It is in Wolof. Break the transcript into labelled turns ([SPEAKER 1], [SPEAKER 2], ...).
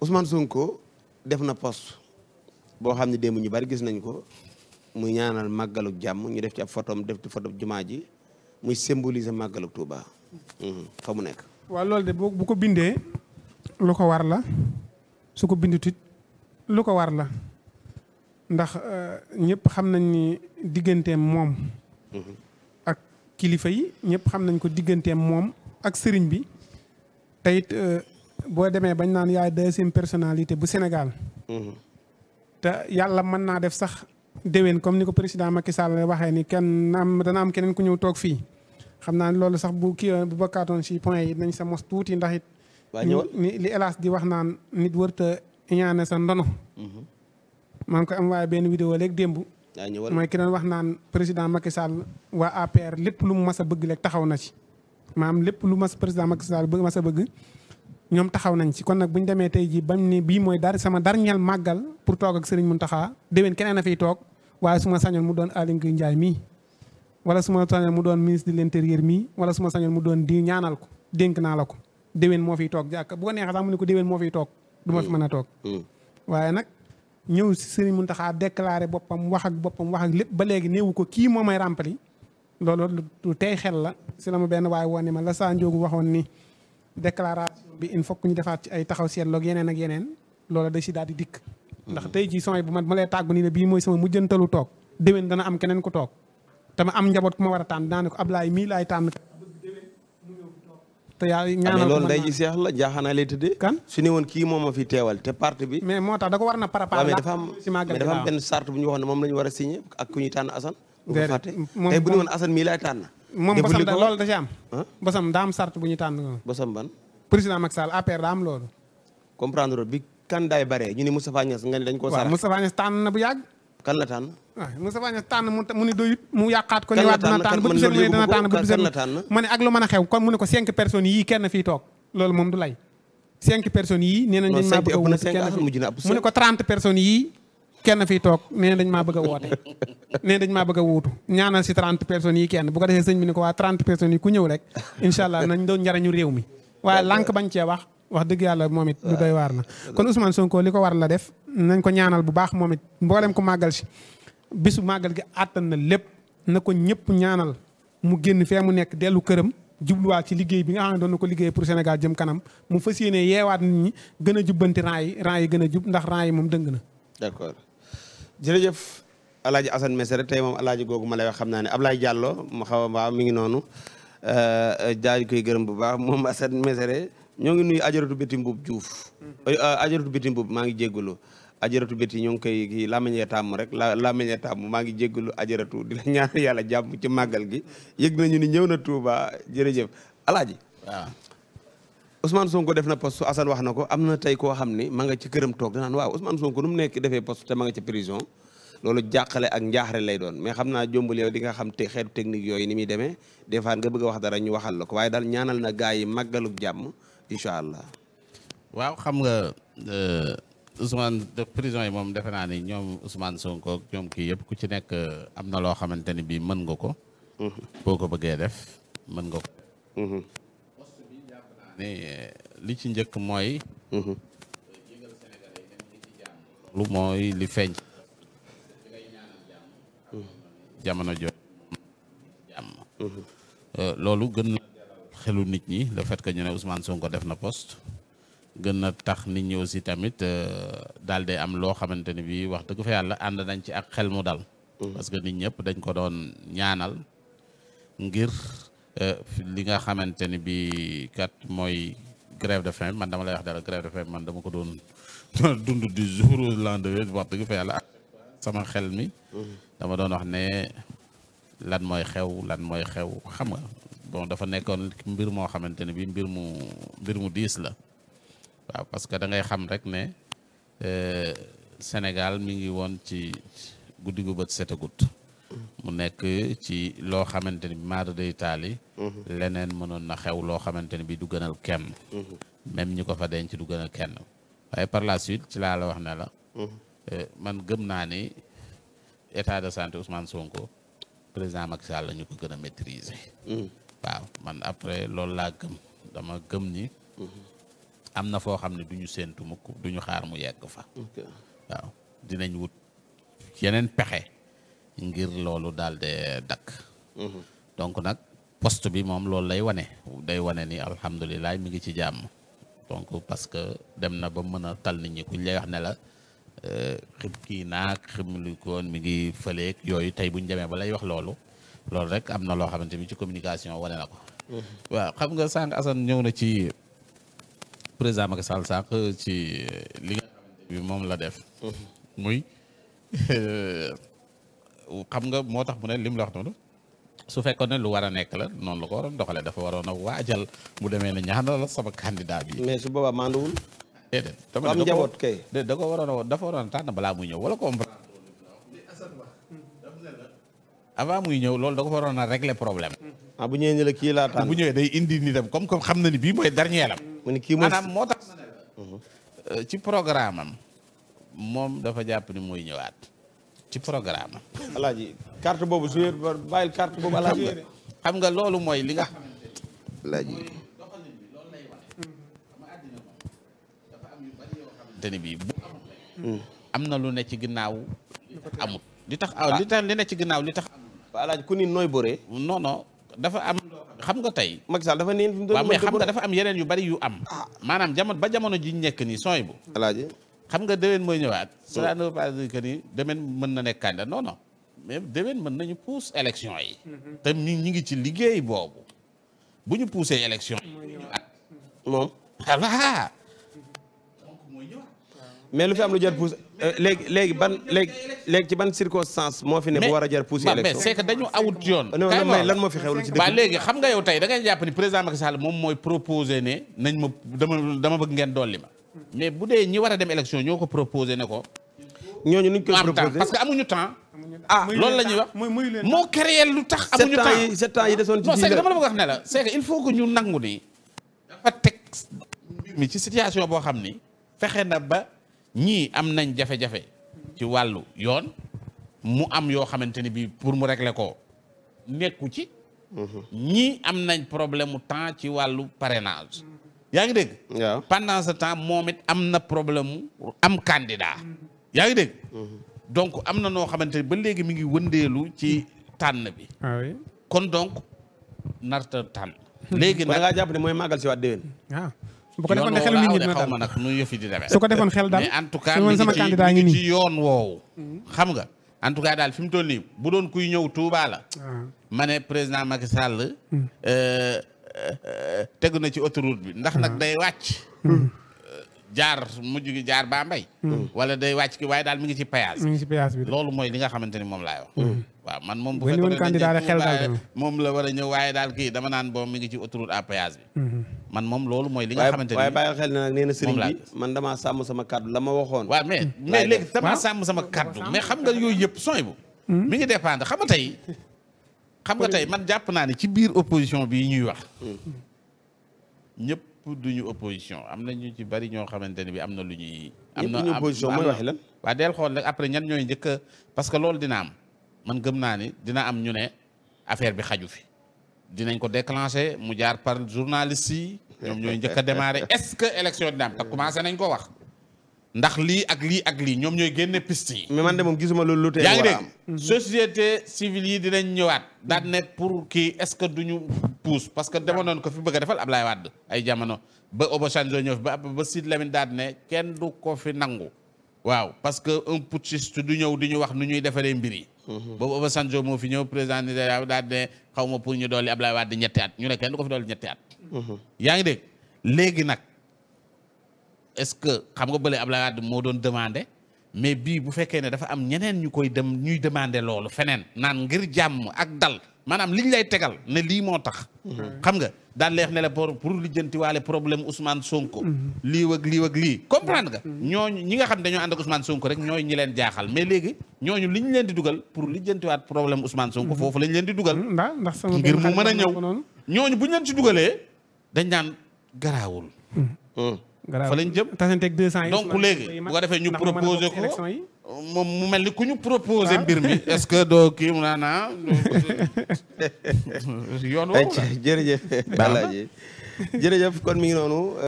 [SPEAKER 1] Ousmane Sonko def na poste boo xam ne démb ñu bari gis nañ ko muy ñaanal màggaluk jàmm ñu def ci ab photom def ci photo jumaa ji muy symboliser màggaluk Touba mhm, fa mu nekk.
[SPEAKER 2] waa loolu de boo bu ko bindee lu ko war la su ko bindutit lu ko war la ndax euh, ñëpp xam nañ ni digganteem moom. Mhm. ak kilifa yi ñëpp xam nañ ko digganteem moom ak sëriñ bi tayit euh, boo demee bañ naan yaay deuxième personnalité bu Sénégal. Mm-hmm. te yàlla mën naa def sax déwén comme ni ko président Macky Sall waxee ni kenn am dana am keneen ku ñëw toog fii xam naa loolu sax bu kii bu bakkaatoon si point yi nañ sa mos tuuti ndax it. ni li hélas di wax naan nit wërta ñaane sa ndono.
[SPEAKER 1] Mm-hmm.
[SPEAKER 2] maa ngi koy am waaye benn vidéo léegi démb. mooy ki doon wax naan président Macky Sall waa APR lépp lu mu mas a bëgg léegi taxaw na ci. maanaam lépp lu mas président Macky Sall bëgg mas a bëgg. ñoom taxaw nañ ci kon nag bu ñu demee tey jii bañ ne bii mooy dar sama darñeel màggal pour toog ak Serigne taxaa déwén keneen a fiy toog waaye suma ma sañoon mu doon Aly Ngouille Ndiaye mii wala suma ma sañoon mu doon ministre de mii wala suma ma sañoon mu doon di ñaanal ko dénk naa la ko déwén moo fiy toog jàkk bu ko neexee sax mu ne ko déwén moo fiy toog du ma fi mm. mën a toog mm. waaye nag ñëw si Serigne Mountakha déclaré boppam wax ak boppam wax ak lépp ba léegi néewu ko kii moo may ràmpali loolu tey xel la si la ma benn waaye woon ma la saa njóogu waxoon ni déclaration bi in faut que ñu defaat ci ay taxaw seetlu ak yeneen ak yeneen loola da si daal di dikk. ndax hmm. tey jii sooy bu man ma lay tàggu nii ne bii mooy sama mujjantalu toog déwén dana am keneen ku toog te ma am njaboot ku ma war a tànn daanaka Ablaye mii laay tànn. te yaa ah, ñaanal loolu day
[SPEAKER 1] ji seex la jaaxana lay tëddee. kan su ne woon kii moom ma fi teewal te parti bi. mais moo tax da ko war na préparer. mais am mais dafa am benn charte bu ñu waxoon ne moom la ñu war a signé ak ku ñuy tànn Assane. déedéet bu ñu fàtte tey bu ñu woon mii laay tànn. moom basam daa am sart bu ñu tànn. basam ban. président Macky Sall APR daa am loolu. comprendre bi kan tànn bu yàgg. kan la tànn.
[SPEAKER 2] mu ne doyut mu yàqaat ko. kan la tànn kan man loolu la tànn ma ne ak lu mën a xew kon mu ne ko cinq personnes yii kenn fii toog loolu moom du lay. cinq personnes yii nee nañ. non cinq ëpp na cinq ah, mu ne ko trente personnes yii kenn fii toog nee dañ maa bëgg a woote nee dañ maa bëgg a wuutu ñaanal si trente personnes yi kenn bu ko defee sëñ bi ne ko waa trente person yi ku ñëw rek incha allah nañ doon njariñu réew mi waaye lànq bañ cee wax wax dëgg yàlla moom it lu doy waar na kon Ousmane Sonko li ko war la def nañ ko ñaanal bu baax moom it mboolem ko màggal si bésu màggal gi àttan na lépp na ko ñëpp ñaanal mu génn fee mu nekk dellu këram jubluwaat ci liggéey bi nga xam ne doon na ko liggéey pour Sénégal jëm kanam mu fas yéene ñi gën a jubbanti rang yi rang yi gën a jub ndax yi moom dëng na
[SPEAKER 1] d'accord jërëjëf alaaji Assane Mesere tey moom alaaji googu ma lay wax xam naa ne ab lay jàlloo mu xaw a waaw mi ngi noonu euh, jaaj koy gërëm bu baax moom Assane Mesere ñoo ngi nuyu ajaratu béti mbub juuf euh, ajaratu béti mbub maa ngi jéggalu ajaratu béti ñoo ngi koy kii lamañee tàmm rek la lamañee tàmm maa ngi jéggalu ajaratu di la ñaan yàlla jàmm ci màggal gi yëg nañu ni ñëw na Touba jërëjëf alaaji waa Ousmane Sonko def na poste Assane wax na ko am na tey koo xam ni ma nga ci këram toog danaan waaw Ousmane Sonko nu mu nekk defee poste te ma ci prison loolu jàqale ak njaaxare lay doon mais xam na jombul yow di nga xam te xeetu technique yooyu ni muy demee des fois nga bëgg wax dara ñu waxal la ko waaye daal ñaanal na gaa yi màggalug jàmm incha allah.
[SPEAKER 3] waaw xam nga euh, Ousmane de prison yi moom defe naa ni ñoom Ousmane sonkook ak ñoom kii yëpp ku ci nekk euh, am na loo xamante ni bii mën nga ko. Mhm. boo ko bëggee def nga ko. Mhm. ne li ci njëkk mooy mhm. lu mooy li feeñ jamono jot jàmm mhm. euh, loolu gën xelu nit ñi le fait ñu ne Ousmane Sonko def na poste gën na tax nit ñi aussi tamit euh, daal di am loo xamante ni bi wax dëgg fa yàlla ànd nañ ci ak xel mu dal mhm. parce que nit ñëpp dañ ko doon ñaanal ngir Euh, li nga xamante ni bi kat mooy grève de faim man dama lay wax dara grève de faim man dama ko doon dund du jour au lendemain wax dëgg fa yàlla sama xel mi dama doon wax ne lan mooy xew lan mooy xew xam nga bon dafa nekkoon mbir moo xamante ne bi mbir mu mbir mu diis la waaw parce que da ngay xam rek ne euh, Sénégal mi ngi woon ci guddi gu bët setagut mu nekk ci loo xamante ni bi maada day taali mhm. leneen mënoon na xew loo xamante ni bi du gënal kenn mhm. même ñi ko fa denc du gënal kenn waaye par la suite ci laa la wax ne la mhm. eh, man gëm naa ni état de santé Ousmane Sonko président Macky Sall la ko gën a maîtriser waaw man après loolu laa gëm dama gëm ni am na foo xam ne du ñu séentu mukk du ñu xaar mu yegg fa waaw dinañ wut yeneen pexe ngir loolu daal de dakk mhm. donc nag poste bi moom loolu lay wane day wane ni alhamdulilah mi ngi ci jàmm donc parce que dem na ba mën a tal nit ñi kuñ lay wax ne la euh, xib kii xim ximlu koon mi ngi fëleeg yooyu tey buñ demee ba lay wax loolu loolu rek am na loo xamante ni ci communication wane na ko mhm. waaw xam nga sànq Assane ñëw na ci président Macky Sall sànq ci li moom la def mhm. muy euh, xam nga moo tax mu ne lim la wax noonu ne lu war a nekk la noonu la ko waroon doxalee dafa waroon a waajal mu demee ne ñaanal la sama candidat bi. mais su boobaa manduwul. déedéet am da ko waroon a dafa waroon balaa muy ñëw wala comprendre. avant ñëw loolu da waroon a régler problème. ah bu ñëwee kii laa bu ñëwee day indi nitam comme comme xam na ni bii mooy dernier am. mu ni kii moo tax. Mhm. Euh, ci programme am moom dafa jàpp ni mooy ñëwaat. ci programme alaaji carte boobu joué bàyyil carte boobu alaaji nga loolu mooy li nga xamante alaaji mm. am na lu nekk ci ginnaaw amul li tax ah. li tax li ne ci ginnaaw li tax amul alaaji ku ni nooy boree non non dafa am xam nga tey Macky Sall dafa neen waaw xam nga dafa am yeneen yu bari yu am ah. maanaam jamono ba jamono ji ñu nekk nii sooy bu xam nga déwén mooy ñëwaat. cela oh. ne veut pas dire que ni mën na nekkaan candidat non non mais déwén mën nañu pousse élection yi. Mm-hmm. te ñu ñu ngi ci liggéey boobu bu ñu poussé élection yi. moom ah. mm-hmm. voilà.
[SPEAKER 1] mais lu fi am lu jar pousse euh, léegi léegi ban léegi léegi ci ban circonstance moo fi ne bu war a jar pousse élection mais c'est
[SPEAKER 3] que dañu awut yoon. Euh, non moo fi xewlu ci dëkk léegi xam nga yow tey dangay ngay jàpp ni président Macky Sall moom mooy proposé ne nañ ma dama dama bëgg ngeen dolli ma. mais bu dee ñi war a dem élection ñoo ko proposé ne ko. ñoo ñooñu nuñ koy proposé parce que amuñu temps. ah loolu la ñuy wax
[SPEAKER 2] moo créé lu tax. amuñu temps sept ans yi sept ans yi desoon ci dama
[SPEAKER 3] la bëgg wax ne la c'est que il faut que ñu nangu ni. dafa teg mi ci situation boo xam ni fexe na ba ñii am nañ jafe-jafe. ci wàllu yoon mu am yoo xamante ni bii pour mu régler ko nekku ci. Mhm. ñii am nañ problème mu temps ci wàllu parrainage. yaa ngi dégg. waaw pendant ce temps moom it am na problème mu am candidat. yaa ngi dégg. Mm-hmm. donc am na noo xamante ne ba léegi mu ngi wëndeelu ci tànn bi. Ah kon donc narta tànn. Hmm. léegi nag nga jàpp ne mooy màggal si waat déwén. waaw ah. bu ko defoon xel nit ñi nag nu yëf di demee. su ko defoon xel daal mais en tout cas mi ngi ci yoon woowu. Hmm. xam nga en tout cas daal fi mu toll nii bu doon kuy ñëw Touba la. Ah. ma ne président Macky Sall. Hmm. Euh, tegu na ci autoroute bi ndax nag mm-hmm. day wàcc mm-hmm. euh, jaar mujj gi jaar baa mbay mm-hmm. wala day wàcc ki waaye daal mu ngi ci péage mi ngi bi loolu mooy li nga xamante ni moom laay wax waaw man moom bu fekkoon moom la war a ñëw waaye daal kii dama naan boo mi ngi ci autoroute à moom loolu mooy li nga xamante ni waaye bàyyi xel na nag nee na man damaa sàmm sama kaddu la ma waxoon waa mais mais léegi damaa sàmm sama kaddu mais xam nga yooyu yëpp sooy bu mi ngi dépendre xam nga xam nga tey man jàpp naa ne ci biir opposition bi ñuy wax. ñëpp ñu opposition am na ñu ci bari ñoo xamante ne bi am na lu ñuy. am na opposition mooy waxi la. waaw del xool nag après ñan ñooy njëkk parce que loolu dina am man gëm naa ni dina am ñu ne affaire bi xaju fi dinañ ko déclencher mu jaar par journaliste yi. ñoom ñooy njëkk a est-ce que élection dina am te commencé nañ ko wax. ndax lii ak lii ak lii ñoom ñooy génne piste yi. mais man de moom gisuma loolu lu tee yaa ngi dégg société civile yi dinañ ne pour kii est-ce que duñu pousse parce que demoon ko fi bëgg a defal Ablaye ay jamono ba Obasanjo ñëw ba ba Sidy Lamine daan ne kenn du ko fi nangu. waaw parce que un putschiste du ñëw di ñu wax nu ñuy defaree mbir yi. Mhm. boobu Obasanjo moo fi ñëw président Nigéria daan xaw ma pour ñu dolli Ablaye Wade ñetti at ñu ne kenn ko fi dolli ñetti at. Mhm. yaa ngi dégg léegi nag. est-ce que xam nga bële Abdoulaye Wade moo doon demandé mais bii bu fekkee ne dafa am ñeneen ñu koy dem ñuy demandé loolu feneen naan ngir jàmm ak dal maanaam liñ lay tegal ne lii moo tax. xam nga daan leex ne la pour pour lijjantiwaale problème Ousmane Sonko. lii wëg lii wëg lii comprendre nga. ñooñu ñi nga xam dañoo ànd ak Ousmane Sonko rek ñooy ñi leen jaaxal mais léegi ñooñu li ñu leen di dugal pour lijjantiwaat problème Ousmane Sonko foofu lañ leen di dugal. Mm-hmm. ndax ngir mu mën a ñëw ñooñu bu ñu leen ci dugalee dañ daan garaawul. Mm-hmm.
[SPEAKER 2] Mm. fa lañ
[SPEAKER 3] jëm tasanteeg 200 yi donc léegi bu defee ñu proposé ko mu mel ni ku ñu proposé ah. mbir mi est-ce que doo kii mu naa naa ah, yoon woowu jërëjëf
[SPEAKER 1] Alaaji jërëjëf kon mi ngi noonu